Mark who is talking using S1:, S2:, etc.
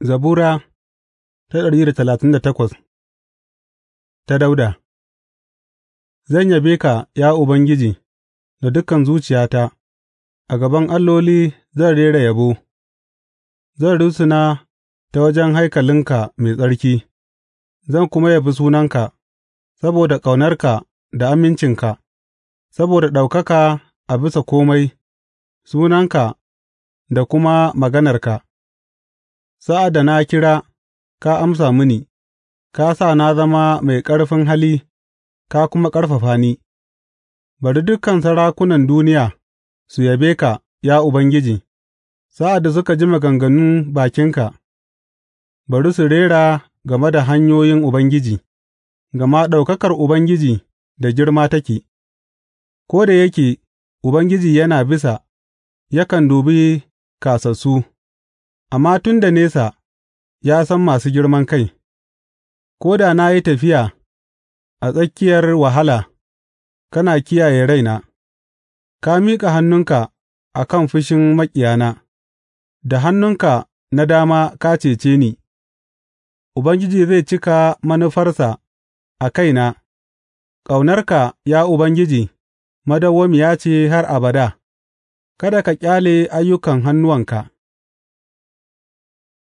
S1: Zabura ta ɗari da talatin da takwas ta Dauda Zan yabe ka, ya Ubangiji, da dukan zuciyata, a gaban alloli zan rera yabo, zan rusuna ta wajen haikalinka mai tsarki, zan kuma yabi sunanka, saboda ƙaunarka da amincinka, saboda ɗaukaka a bisa komai, sunanka da kuma maganarka. Sa'ad da na kira, ka amsa mini; ka sa na zama mai ƙarfin hali ka kuma ƙarfafa ni; bari dukan sarakunan duniya su yabe ka, ya Ubangiji, sa'ad da suka ji maganganun bakinka; bari su rera game da hanyoyin Ubangiji, gama ɗaukakar Ubangiji da girma take, ko da yake Ubangiji yana bisa yakan dubi kasassu. Amma tun da nesa ya san masu girman kai; ko da na yi tafiya a tsakiyar wahala, kana kiyaye raina; ka miƙa hannunka a kan fushin maƙiyana, da hannunka na dama ka cece ni Ubangiji zai cika manufarsa a kaina; ƙaunarka, ya Ubangiji, madawwamiya ce har abada; kada ka ƙyale ayyukan hannuwanka.